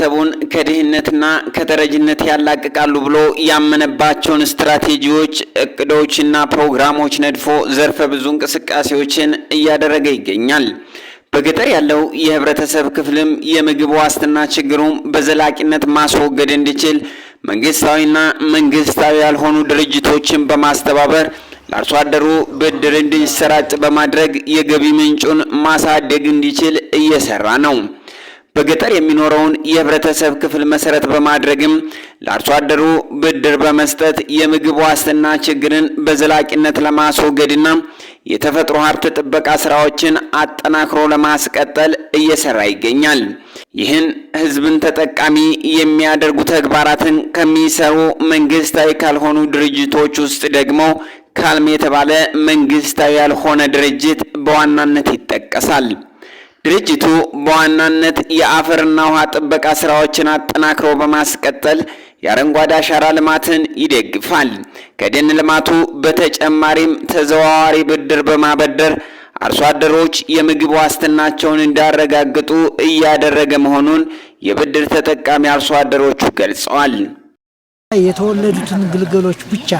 ህብረተሰቡን ከድህነትና ከተረጅነት ያላቅቃሉ ብሎ ያመነባቸውን ስትራቴጂዎች፣ እቅዶችና ፕሮግራሞች ነድፎ ዘርፈ ብዙ እንቅስቃሴዎችን እያደረገ ይገኛል። በገጠር ያለው የህብረተሰብ ክፍልም የምግብ ዋስትና ችግሩን በዘላቂነት ማስወገድ እንዲችል መንግስታዊና መንግስታዊ ያልሆኑ ድርጅቶችን በማስተባበር ለአርሶ አደሩ ብድር እንዲሰራጭ በማድረግ የገቢ ምንጩን ማሳደግ እንዲችል እየሰራ ነው። በገጠር የሚኖረውን የህብረተሰብ ክፍል መሰረት በማድረግም ለአርሶ አደሩ ብድር በመስጠት የምግብ ዋስትና ችግርን በዘላቂነት ለማስወገድና የተፈጥሮ ሀብት ጥበቃ ስራዎችን አጠናክሮ ለማስቀጠል እየሰራ ይገኛል። ይህን ህዝብን ተጠቃሚ የሚያደርጉ ተግባራትን ከሚሰሩ መንግስታዊ ካልሆኑ ድርጅቶች ውስጥ ደግሞ ካልም የተባለ መንግስታዊ ያልሆነ ድርጅት በዋናነት ይጠቀሳል። ድርጅቱ በዋናነት የአፈርና ውሃ ጥበቃ ስራዎችን አጠናክሮ በማስቀጠል የአረንጓዴ አሻራ ልማትን ይደግፋል። ከደን ልማቱ በተጨማሪም ተዘዋዋሪ ብድር በማበደር አርሶ አደሮች የምግብ ዋስትናቸውን እንዳረጋግጡ እያደረገ መሆኑን የብድር ተጠቃሚ አርሶ አደሮቹ ገልጸዋል። የተወለዱትን ግልገሎች ብቻ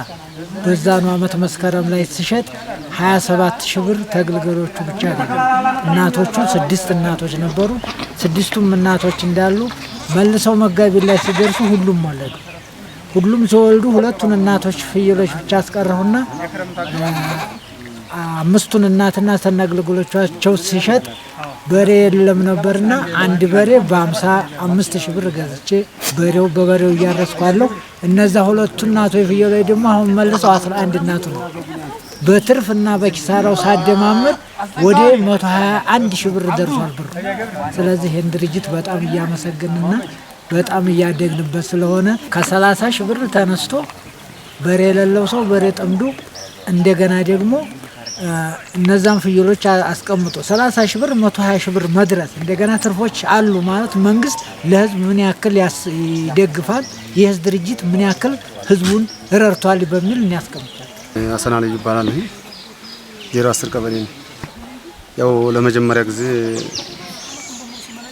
በዛኑ አመት መስከረም ላይ ሲሸጥ 27 ሺህ ብር ተግልገሎቹ ብቻ ነው። እናቶቹ ስድስት እናቶች ነበሩ። ስድስቱም እናቶች እንዳሉ መልሰው መጋቢት ላይ ሲደርሱ ሁሉም ወለዱ። ሁሉም ሲወልዱ ሁለቱን እናቶች ፍየሎች ብቻ አስቀረሁና አምስቱን እናትና ተነግልግሎቻቸው ሲሸጥ በሬ የለም ነበርና አንድ በሬ በአምሳ አምስት ሺህ ብር ገዝቼ በሬው በበሬው እያረስኳለሁ። እነዛ ሁለቱ እናቶ የፍየሉ ላይ ደግሞ አሁን መልሰው አስራ አንድ እናቱ ነው። በትርፍ እና በኪሳራው ሳደማምር ወደ መቶ ሀያ አንድ ሺህ ብር ደርሷል ብሩ። ስለዚህ ይህን ድርጅት በጣም እያመሰግንና በጣም እያደግንበት ስለሆነ ከሰላሳ ሺህ ብር ተነስቶ በሬ የሌለው ሰው በሬ ጠምዶ እንደገና ደግሞ እነዛን ፍየሎች አስቀምጦ 30 ሺ ብር 120 ሺ ብር መድረስ እንደገና ትርፎች አሉ ማለት መንግስት ለህዝብ ምን ያክል ይደግፋል፣ የህዝብ ድርጅት ምን ያክል ህዝቡን ረርቷል በሚል እናያስቀምጣል። አሰና ልጅ ይባላል። ይሄ ዜሮ አስር ቀበሌ ነው። ያው ለመጀመሪያ ጊዜ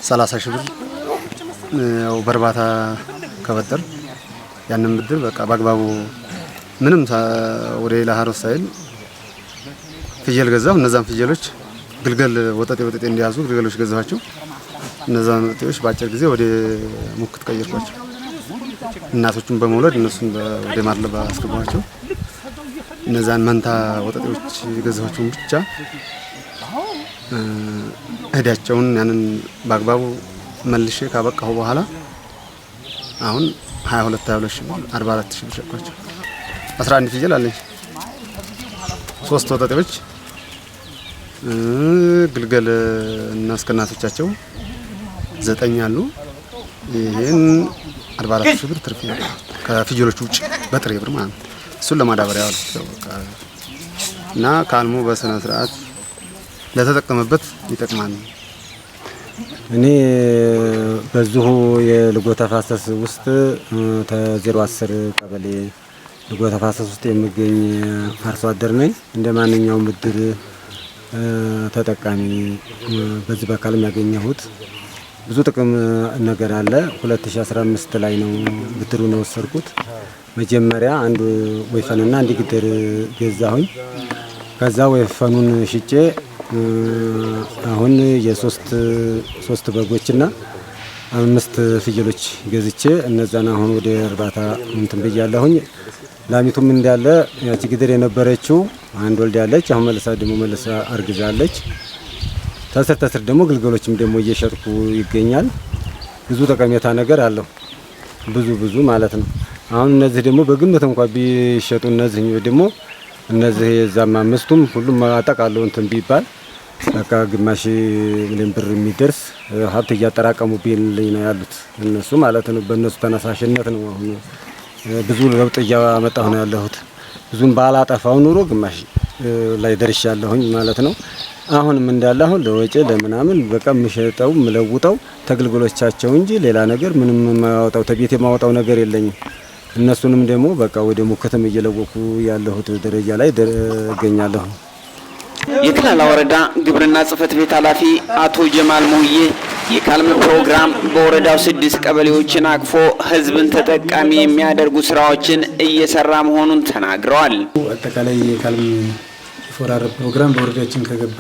30 ሺ ብር ያው በእርባታ ከበጠር ያንን ብድር በቃ በአግባቡ ምንም ወደ ሌላ ሀሮስ ሳይል ፍየል ገዛሁ። እነዛን ፍየሎች ግልገል ወጠጤ ወጠጤ እንዲያዙ ግልገሎች ገዛኋቸው። እነዛን ወጠጤዎች በአጭር ጊዜ ወደ ሙክት ቀየርኳቸው። እናቶቹን በመውለድ እነሱን ወደ ማድለባ አስገባቸው። እነዛን መንታ ወጠጤዎች የገዛኋቸውን ብቻ እህዳቸውን ያንን በአግባቡ መልሼ ካበቃሁ በኋላ አሁን 22 22 44 ሺህ ብር ሸጥኳቸው። 11 ፍየል አለኝ፣ ሶስት ወጠጤዎች ግልገል እና እስከናቶቻቸው ዘጠኝ አሉ። ይህን አርባ ሺህ ብር ትርፍ ከፍየሎቹ ውጭ በጥሬ ብር ማለት ነው። እሱን ለማዳበሪያ እና ከአልሞ በስነ ስርዓት ለተጠቀመበት ይጠቅማል። እኔ በዚሁ የልጎ ተፋሰስ ውስጥ ተዜሮ አስር ቀበሌ ልጎ ተፋሰስ ውስጥ የምገኝ አርሶ አደር ነኝ። እንደ ማንኛውም ምድር ተጠቃሚ በዚህ በአካል የሚያገኘሁት ብዙ ጥቅም ነገር አለ። 2015 ላይ ነው ብድሩን የወሰድኩት። መጀመሪያ አንድ ወይፈንና አንድ ግድር ገዛሁኝ። ከዛ ወይፈኑን ሽጬ አሁን የሶስት ሶስት በጎችና አምስት ፍየሎች ገዝቼ እነዛን አሁን ወደ እርባታ እንትን ብያለሁኝ። ላሚቱም እንዳለ ያቺ ግድር የነበረችው አንድ ወልድ ያለች አሁን መልሳ ደግሞ መልሳ አርግዛለች። ተስር ተስር ደግሞ ግልገሎችም ደግሞ እየሸጥኩ ይገኛል። ብዙ ጠቀሜታ ነገር አለው። ብዙ ብዙ ማለት ነው። አሁን እነዚህ ደግሞ በግምት እንኳ ቢሸጡ እነዚህ ደግሞ እነዚህ የዛማ አምስቱም ሁሉም አጠቃለው እንትን ቢባል በቃ ግማሽ ሚሊዮን ብር የሚደርስ ሀብት እያጠራቀሙ ብልኝ ነው ያሉት እነሱ ማለት ነው። በእነሱ ተነሳሽነት ነው አሁን ብዙ ለውጥ እያመጣሁ ነው ያለሁት። ብዙም ባላጠፋው ኑሮ ግማሽ ላይ ያለሁኝ ማለት ነው። አሁንም እንዳለ አሁን ለወጪ ለምናምን በቃ የምሸጠው የምለውጠው ተግልግሎቻቸው እንጂ ሌላ ነገር ምንም የማወጣው ተቤት የማወጣው ነገር የለኝም። እነሱንም ደግሞ በቃ ወደ ሙከተም እየለወኩ ያለሁት ደረጃ ላይ እገኛለሁ። የክላላ ወረዳ ግብርና ጽህፈት ቤት ኃላፊ አቶ ጀማል ሙዬ የካልም ፕሮግራም በወረዳው ስድስት ቀበሌዎችን አቅፎ ህዝብን ተጠቃሚ የሚያደርጉ ስራዎችን እየሰራ መሆኑን ተናግረዋል። አጠቃላይ የካልም ፎራር ፕሮግራም በወረዳችን ከገባ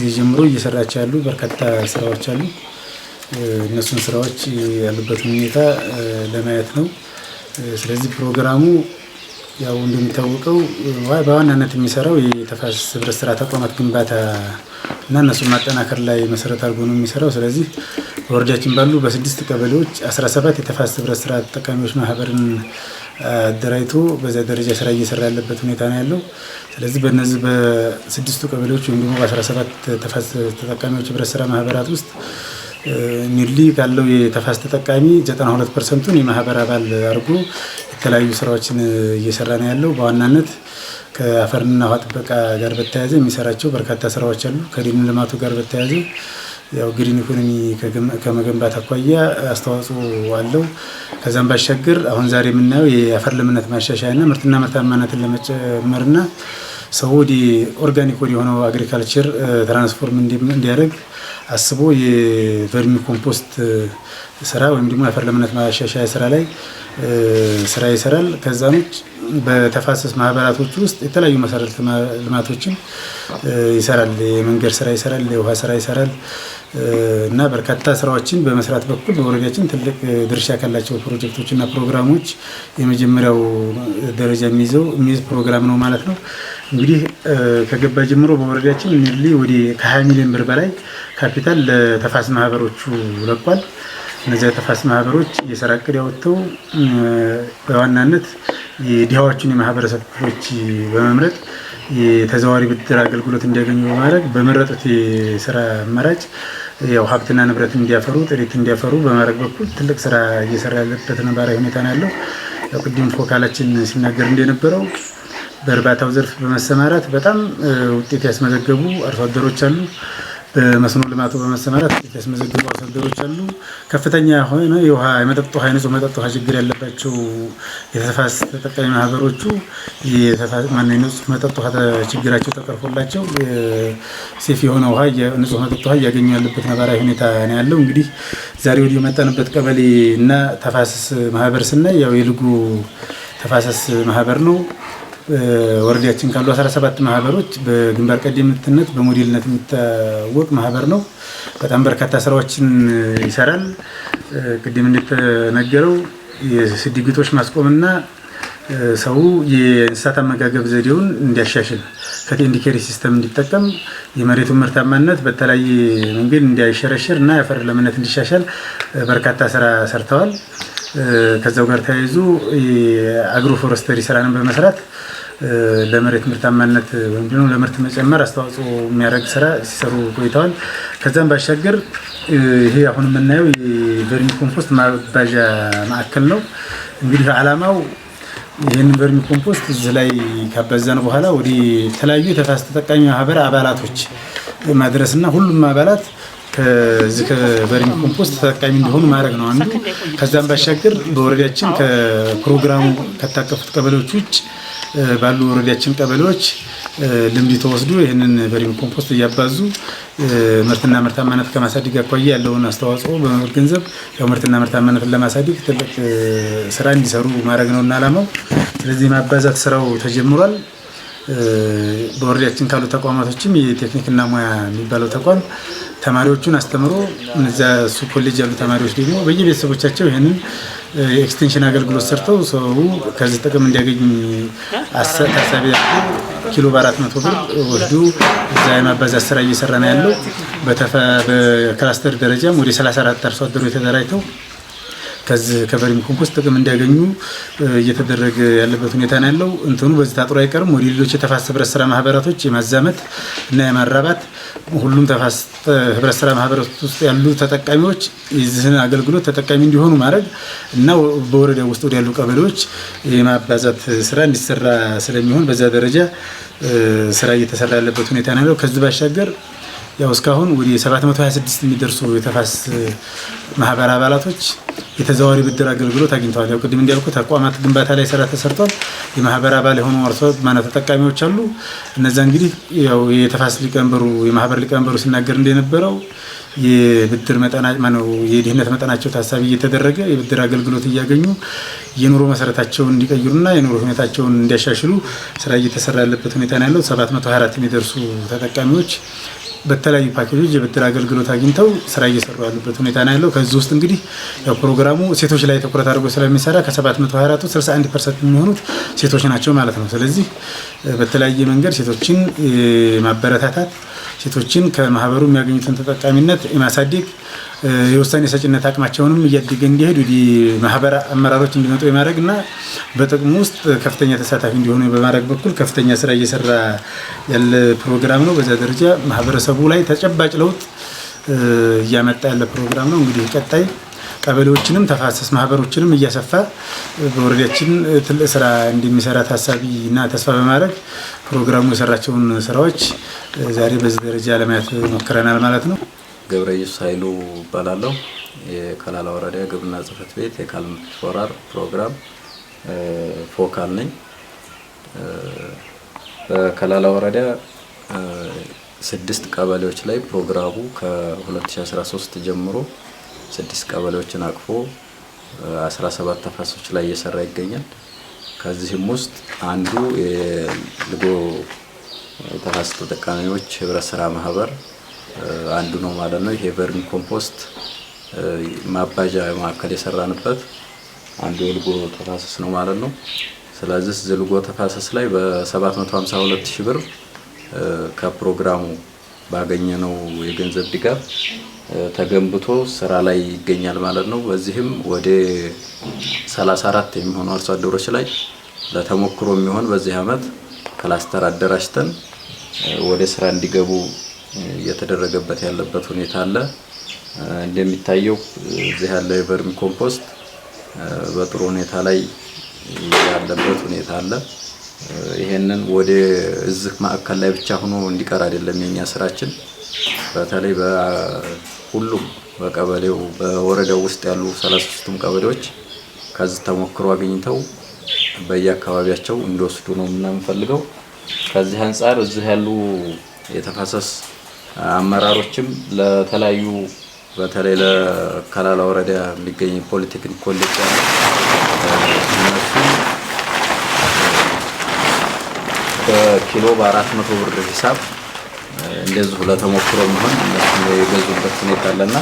ጊዜ ጀምሮ እየሰራች ያሉ በርካታ ስራዎች አሉ። እነሱን ስራዎች ያሉበትን ሁኔታ ለማየት ነው። ስለዚህ ፕሮግራሙ ያው እንደሚታወቀው በዋናነት የሚሰራው የተፋሰስ ህብረት ስራ ተቋማት ግንባታ እና እነሱን ማጠናከር ላይ መሰረት አድርጎ ነው የሚሰራው። ስለዚህ በወረዳችን ባሉ በስድስት ቀበሌዎች 17 የተፋሰስ ህብረት ስራ ተጠቃሚዎች ማህበርን አደራጅቶ በዚያ ደረጃ ስራ እየሰራ ያለበት ሁኔታ ነው ያለው። ስለዚህ በእነዚህ በስድስቱ ቀበሌዎች ወይም ደግሞ በ17 ተፋሰስ ተጠቃሚዎች ህብረት ስራ ማህበራት ውስጥ ኒርሊ ካለው የተፋስ ተጠቃሚ 92 ፐርሰንቱን የማህበር አባል አድርጎ የተለያዩ ስራዎችን እየሰራ ነው ያለው። በዋናነት ከአፈርና ውሃ ጥበቃ ጋር በተያያዘ የሚሰራቸው በርካታ ስራዎች አሉ። ከደን ልማቱ ጋር በተያያዘ ያው ግሪን ኢኮኖሚ ከመገንባት አኳያ አስተዋጽኦ አለው። ከዛም ባሻገር አሁን ዛሬ የምናየው የአፈር ለምነት ማሻሻያና ምርትና ምርታማነትን ለመጨመርና ሰው ወደ ኦርጋኒክ ወደ የሆነው አግሪካልቸር ትራንስፎርም እንዲያደርግ አስቦ የቨርሚ ኮምፖስት ስራ ወይም ደግሞ የአፈር ለምነት ማሻሻያ ስራ ላይ ስራ ይሰራል። ከዛም ውጭ በተፋሰስ ማህበራቶች ውስጥ የተለያዩ መሰረተ ልማቶችን ይሰራል። የመንገድ ስራ ይሰራል፣ የውሃ ስራ ይሰራል እና በርካታ ስራዎችን በመስራት በኩል በወረዳችን ትልቅ ድርሻ ካላቸው ፕሮጀክቶች እና ፕሮግራሞች የመጀመሪያው ደረጃ የሚይዘው የሚይዝ ፕሮግራም ነው ማለት ነው። እንግዲህ ከገባ ጀምሮ በወረዳችን ሜርሊ ወደ ከሀያ ሚሊዮን ብር በላይ ካፒታል ለተፋስ ማህበሮቹ ለቋል። እነዚያ ተፋስ ማህበሮች የስራ እቅድ ያወጥተው በዋናነት የድሃዎችን የማህበረሰብ ክፍሎች በመምረጥ የተዘዋዋሪ ብድር አገልግሎት እንዲያገኙ በማድረግ በመረጡት የስራ አማራጭ ያው ሀብትና ንብረት እንዲያፈሩ ጥሪት እንዲያፈሩ በማድረግ በኩል ትልቅ ስራ እየሰራ ያለበት ነባራዊ ሁኔታ ነው ያለው። ቅድም ፎካላችን ሲናገር እንደነበረው በእርባታው ዘርፍ በመሰማራት በጣም ውጤት ያስመዘገቡ አርሶ አደሮች አሉ። በመስኖ ልማቱ በመሰማራት ውጤት ያስመዘገቡ አርሶ አደሮች አሉ። ከፍተኛ የሆነ የውሃ የመጠጥ ውሃ ንጹህ መጠጥ ውሃ ችግር ያለባቸው የተፋስ ተጠቃሚ ማህበሮቹ ንጹህ መጠጥ ውሃ ችግራቸው ተቀርፎላቸው ሴፍ የሆነ ውሃ ንጹህ መጠጥ ውሃ እያገኙ ያለበት ነባራዊ ሁኔታ ነው ያለው። እንግዲህ ዛሬ ወዲህ የመጣንበት ቀበሌ እና ተፋሰስ ማህበር ስናይ ያው የልጉ ተፋሰስ ማህበር ነው። ወረዳችን ካሉ 17 ማህበሮች በግንባር ቀደምትነት በሞዴልነት የሚታወቅ ማህበር ነው። በጣም በርካታ ስራዎችን ይሰራል። ቅድም እንደተነገረው የስድ ግጦሽ ማስቆምና ሰው የእንስሳት አመጋገብ ዘዴውን እንዲያሻሽል ፈት ኢንዲኬሪ ሲስተም እንዲጠቀም የመሬቱን ምርታማነት በተለያየ መንገድ እንዲያሸረሽር እና የአፈር ለምነት እንዲሻሻል በርካታ ስራ ሰርተዋል። ከዛው ጋር ተያይዞ የአግሮ ፎረስተሪ ስራንም በመስራት ለመሬት ምርታማነት ወይም ደግሞ ለምርት መጨመር አስተዋጽኦ የሚያደርግ ስራ ሲሰሩ ቆይተዋል። ከዛም ባሻገር ይሄ አሁን የምናየው የቨርሚ ኮምፖስት ማባዣ ማዕከል ነው። እንግዲህ አላማው ይህን ቨርሚ ኮምፖስት እዚህ ላይ ካባዛን በኋላ ወደ ተለያዩ የተፋሰስ ተጠቃሚ ማህበር አባላቶች ማድረስና ሁሉም አባላት ከዚህ ከቨርሚ ኮምፖስት ተጠቃሚ እንደሆኑ ማድረግ ነው አንዱ። ከዛም ባሻገር በወረዳችን ከፕሮግራሙ ከታቀፉት ቀበሌዎች ውጭ ባሉ ወረዳችን ቀበሌዎች ልምድ ተወስዶ ይህንን ቨርሚ ኮምፖስት እያባዙ ምርትና ምርታማነት ከማሳደግ አኳያ ያለውን አስተዋጽኦ በመገንዘብ ያው ምርትና ምርታማነትን ለማሳደግ ትልቅ ስራ እንዲሰሩ ማድረግ ነውና አላማው። ስለዚህ ማባዛት ስራው ተጀምሯል። በወረዳችን ካሉ ተቋማቶችም የቴክኒክና ሙያ የሚባለው ተቋም ተማሪዎቹን አስተምሮ እነዚያ እሱ ኮሌጅ ያሉ ተማሪዎች ደግሞ በየቤተሰቦቻቸው ይህንን የኤክስቴንሽን አገልግሎት ሰርተው ሰው ከዚህ ጥቅም እንዲያገኝ ታሳቢ ኪሎ በአራት መቶ ብር ወስዱ እዛ የማባዛት ስራ እየሰራ ነው ያለው። በክላስተር ደረጃም ወደ 34 አርሶ አደሮች ተደራጅተው ከዚህ ከቨርሚ ኮምፖስት ጥቅም እንዲያገኙ እየተደረገ ያለበት ሁኔታ ነው ያለው። እንትኑ በዚህ ታጥሮ አይቀርም። ወደ ሌሎች የተፋሰስ ህብረት ስራ ማህበራቶች የማዛመት እና የማራባት ሁሉም ተፋስ ህብረት ስራ ማህበራት ውስጥ ያሉ ተጠቃሚዎች የዚህን አገልግሎት ተጠቃሚ እንዲሆኑ ማድረግ እና በወረዳ ውስጥ ወደ ያሉ ቀበሌዎች የማባዛት ስራ እንዲሰራ ስለሚሆን በዛ ደረጃ ስራ እየተሰራ ያለበት ሁኔታ ነው ያለው። ከዚህ ባሻገር ያው እስካሁን ወደ 726 የሚደርሱ የተፋስ ማህበር አባላቶች የተዘዋዋሪ ብድር አገልግሎት አግኝተዋል። ያው ቅድም እንዲያልኩ ተቋማት ግንባታ ላይ ስራ ተሰርቷል። የማህበር አባል የሆኑ አርሶ ማነው ተጠቃሚዎች አሉ። እነዛ እንግዲህ ያው የተፋስ ሊቀመንበሩ የማህበር ሊቀመንበሩ ሲናገር እንደነበረው የብድር መጠና ማነው የድህነት መጠናቸው ታሳቢ እየተደረገ የብድር አገልግሎት እያገኙ የኑሮ መሰረታቸውን እንዲቀይሩና የኑሮ ሁኔታቸውን እንዲያሻሽሉ ስራ እየተሰራ ያለበት ሁኔታ ነው ያለው። 724 የሚደርሱ ተጠቃሚዎች በተለያዩ ፓኬጆች የብድር አገልግሎት አግኝተው ስራ እየሰሩ ያሉበት ሁኔታ ነው ያለው። ከዚህ ውስጥ እንግዲህ ያው ፕሮግራሙ ሴቶች ላይ ትኩረት አድርጎ ስለሚሰራ ከ724 61 ፐርሰንት የሚሆኑት ሴቶች ናቸው ማለት ነው። ስለዚህ በተለያየ መንገድ ሴቶችን ማበረታታት ሴቶችን ከማህበሩ የሚያገኙትን ተጠቃሚነት የማሳደግ የውሳኔ ሰጭነት አቅማቸውንም እያደገ እንዲሄዱ ማህበር አመራሮች እንዲመጡ የማድረግ እና በጥቅሙ ውስጥ ከፍተኛ ተሳታፊ እንዲሆኑ በማድረግ በኩል ከፍተኛ ስራ እየሰራ ያለ ፕሮግራም ነው። በዛ ደረጃ ማህበረሰቡ ላይ ተጨባጭ ለውጥ እያመጣ ያለ ፕሮግራም ነው። እንግዲህ ቀጣይ ቀበሌዎችንም ተፋሰስ ማህበሮችንም እያሰፋ በወረዳችን ትልቅ ስራ እንደሚሰራ ታሳቢ እና ተስፋ በማድረግ ፕሮግራሙ የሰራቸውን ስራዎች ዛሬ በዚህ ደረጃ ለማየት ሞክረናል ማለት ነው። ገብረ ኢየሱስ ኃይሉ እባላለሁ። የከላላ ወረዳ ግብርና ጽህፈት ቤት የካልምት ፎራር ፕሮግራም ፎካል ነኝ። በከላላ ወረዳ ስድስት ቀበሌዎች ላይ ፕሮግራሙ ከ2013 ጀምሮ ስድስት ቀበሌዎችን አቅፎ 17 ተፋሶች ላይ እየሰራ ይገኛል። ከዚህም ውስጥ አንዱ የልጎ ተፋሰስ ተጠቃሚዎች ህብረት ስራ ማህበር አንዱ ነው ማለት ነው። ይሄ ቨርሚ ኮምፖስት ማባጃ ማዕከል የሰራንበት አንዱ የልጎ ተፋሰስ ነው ማለት ነው። ስለዚህ ዝልጎ ተፋሰስ ላይ በ752 ሺህ ብር ከፕሮግራሙ ባገኘነው የገንዘብ ድጋፍ ተገንብቶ ስራ ላይ ይገኛል ማለት ነው። በዚህም ወደ 34 የሚሆኑ አርሶ አደሮች ላይ ለተሞክሮ የሚሆን በዚህ አመት ክላስተር አደራጅተን ወደ ስራ እንዲገቡ እየተደረገበት ያለበት ሁኔታ አለ። እንደሚታየው እዚህ ያለው የቨርሚ ኮምፖስት በጥሩ ሁኔታ ላይ ያለበት ሁኔታ አለ። ይሄንን ወደ እዚህ ማዕከል ላይ ብቻ ሆኖ እንዲቀር አይደለም የኛ ስራችን በተለይ ሁሉም በቀበሌው በወረዳው ውስጥ ያሉ 33ቱም ቀበሌዎች ከዚህ ተሞክሮ አግኝተው በየአካባቢያቸው እንዲወስዱ ነው የምናምፈልገው። ከዚህ አንጻር እዚህ ያሉ የተፋሰስ አመራሮችም ለተለያዩ በተለይ ለከላላ ወረዳ የሚገኝ ፖሊቴክኒክ ኮሌጅ እነሱም በኪሎ በአራት መቶ ብር ሂሳብ እንደዚሁ ለተሞክሮ መሆን የገዙበት ሁኔታ አለና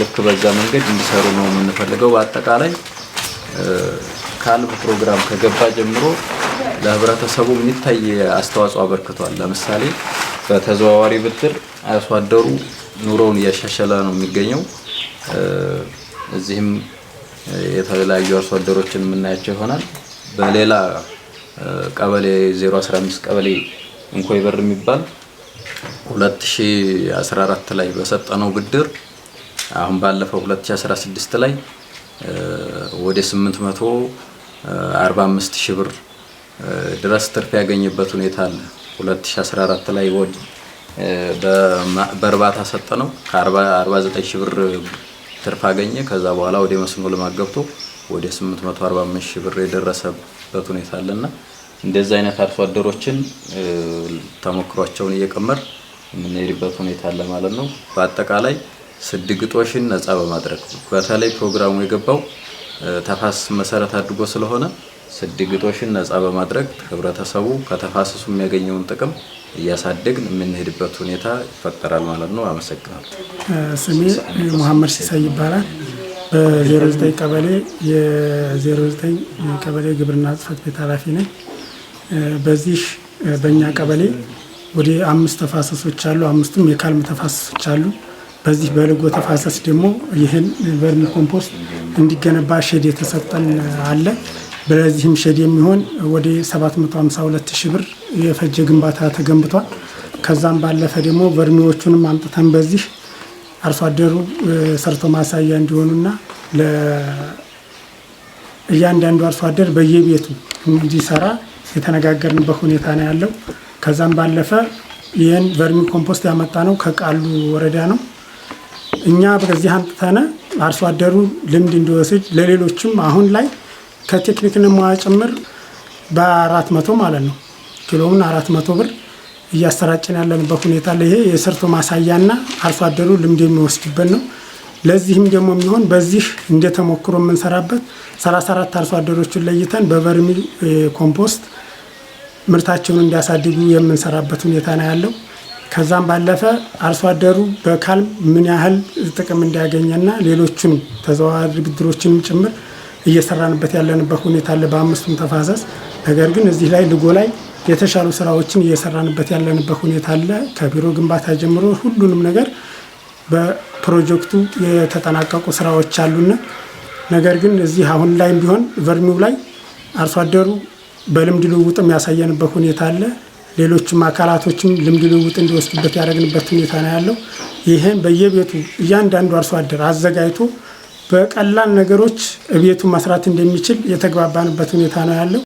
ልክ በዛ መንገድ እንዲሰሩ ነው የምንፈልገው። በአጠቃላይ ካል ፕሮግራም ከገባ ጀምሮ ለህብረተሰቡ የሚታይ አስተዋጽኦ አበርክቷል። ለምሳሌ በተዘዋዋሪ ብድር አርሶ አደሩ ኑሮውን እያሻሸለ ነው የሚገኘው። እዚህም የተለያዩ አርሶ አደሮችን የምናያቸው ይሆናል። በሌላ ቀበሌ 015 ቀበሌ እንኮይ በር የሚባል 2014 ላይ በሰጠነው ብድር አሁን ባለፈው 2016 ላይ ወደ 845 ሺህ ብር ድረስ ትርፍ ያገኘበት ሁኔታ አለ። 2014 ላይ በእርባታ ሰጠነው ከ49 ሺህ ብር ትርፍ አገኘ። ከዛ በኋላ ወደ መስኖ ልማት ገብቶ ወደ 845 ሺህ ብር የደረሰበት ሁኔታ አለና እንደዚህ አይነት አርሶ አደሮችን ተሞክሯቸውን እየቀመር የምንሄድበት ሁኔታ አለ ማለት ነው። በአጠቃላይ ስድግጦሽን ነጻ በማድረግ በተለይ ፕሮግራሙ የገባው ተፋሰስ መሰረት አድርጎ ስለሆነ ስድግጦሽን ነጻ በማድረግ ህብረተሰቡ ከተፋሰሱ የሚያገኘውን ጥቅም እያሳደግን የምንሄድበት ሁኔታ ይፈጠራል ማለት ነው። አመሰግናለሁ። ስሜ መሐመድ ሲሳይ ይባላል። በ09 ቀበሌ የ09 ቀበሌ ግብርና ጽህፈት ቤት ኃላፊ ነኝ። በዚህ በእኛ ቀበሌ ወደ አምስት ተፋሰሶች አሉ። አምስቱም የካልም ተፋሰሶች አሉ። በዚህ በልጎ ተፋሰስ ደግሞ ይህን ቨርሚ ኮምፖስት እንዲገነባ ሼድ የተሰጠን አለ። በዚህም ሼድ የሚሆን ወደ 752 ሺህ ብር የፈጀ ግንባታ ተገንብቷል። ከዛም ባለፈ ደግሞ ቨርሚዎቹንም አምጥተን በዚህ አርሶ አደሩ ሰርቶ ማሳያ እንዲሆኑና ለእያንዳንዱ አርሶ አደር በየቤቱ እንዲሰራ የተነጋገርንበት ሁኔታ ነው ያለው። ከዛም ባለፈ ይህን ቨርሚ ኮምፖስት ያመጣ ነው ከቃሉ ወረዳ ነው። እኛ በዚህ አምጥተነ አርሶ አደሩ ልምድ እንዲወስድ ለሌሎችም አሁን ላይ ከቴክኒክን ሙያ ጭምር በአራት መቶ ማለት ነው ኪሎውን አራት መቶ ብር እያሰራጭን ያለንበት ሁኔታ ላይ ይሄ የሰርቶ ማሳያና አርሶ አደሩ ልምድ የሚወስድበት ነው። ለዚህም ደግሞ የሚሆን በዚህ እንደተሞክሮ የምንሰራበት 34 አርሶ አደሮችን ለይተን በቨርሚ ኮምፖስት ምርታቸውን እንዲያሳድጉ የምንሰራበት ሁኔታ ነው ያለው። ከዛም ባለፈ አርሶ አደሩ በካልም ምን ያህል ጥቅም እንዲያገኘና ሌሎችን ተዘዋዋሪ ብድሮችንም ጭምር እየሰራንበት ያለንበት ሁኔታ አለ በአምስቱም ተፋሰስ። ነገር ግን እዚህ ላይ ልጎ ላይ የተሻሉ ስራዎችን እየሰራንበት ያለንበት ሁኔታ አለ። ከቢሮ ግንባታ ጀምሮ ሁሉንም ነገር በፕሮጀክቱ የተጠናቀቁ ስራዎች አሉና ነገር ግን እዚህ አሁን ላይም ቢሆን ቨርሚው ላይ አርሶ አደሩ በልምድ ልውውጥ የሚያሳየንበት ሁኔታ አለ። ሌሎችም አካላቶችም ልምድ ልውውጥ እንዲወስዱበት ያደረግንበት ሁኔታ ነው ያለው። ይህም በየቤቱ እያንዳንዱ አርሶ አደር አዘጋጅቶ በቀላል ነገሮች ቤቱ መስራት እንደሚችል የተግባባንበት ሁኔታ ነው ያለው።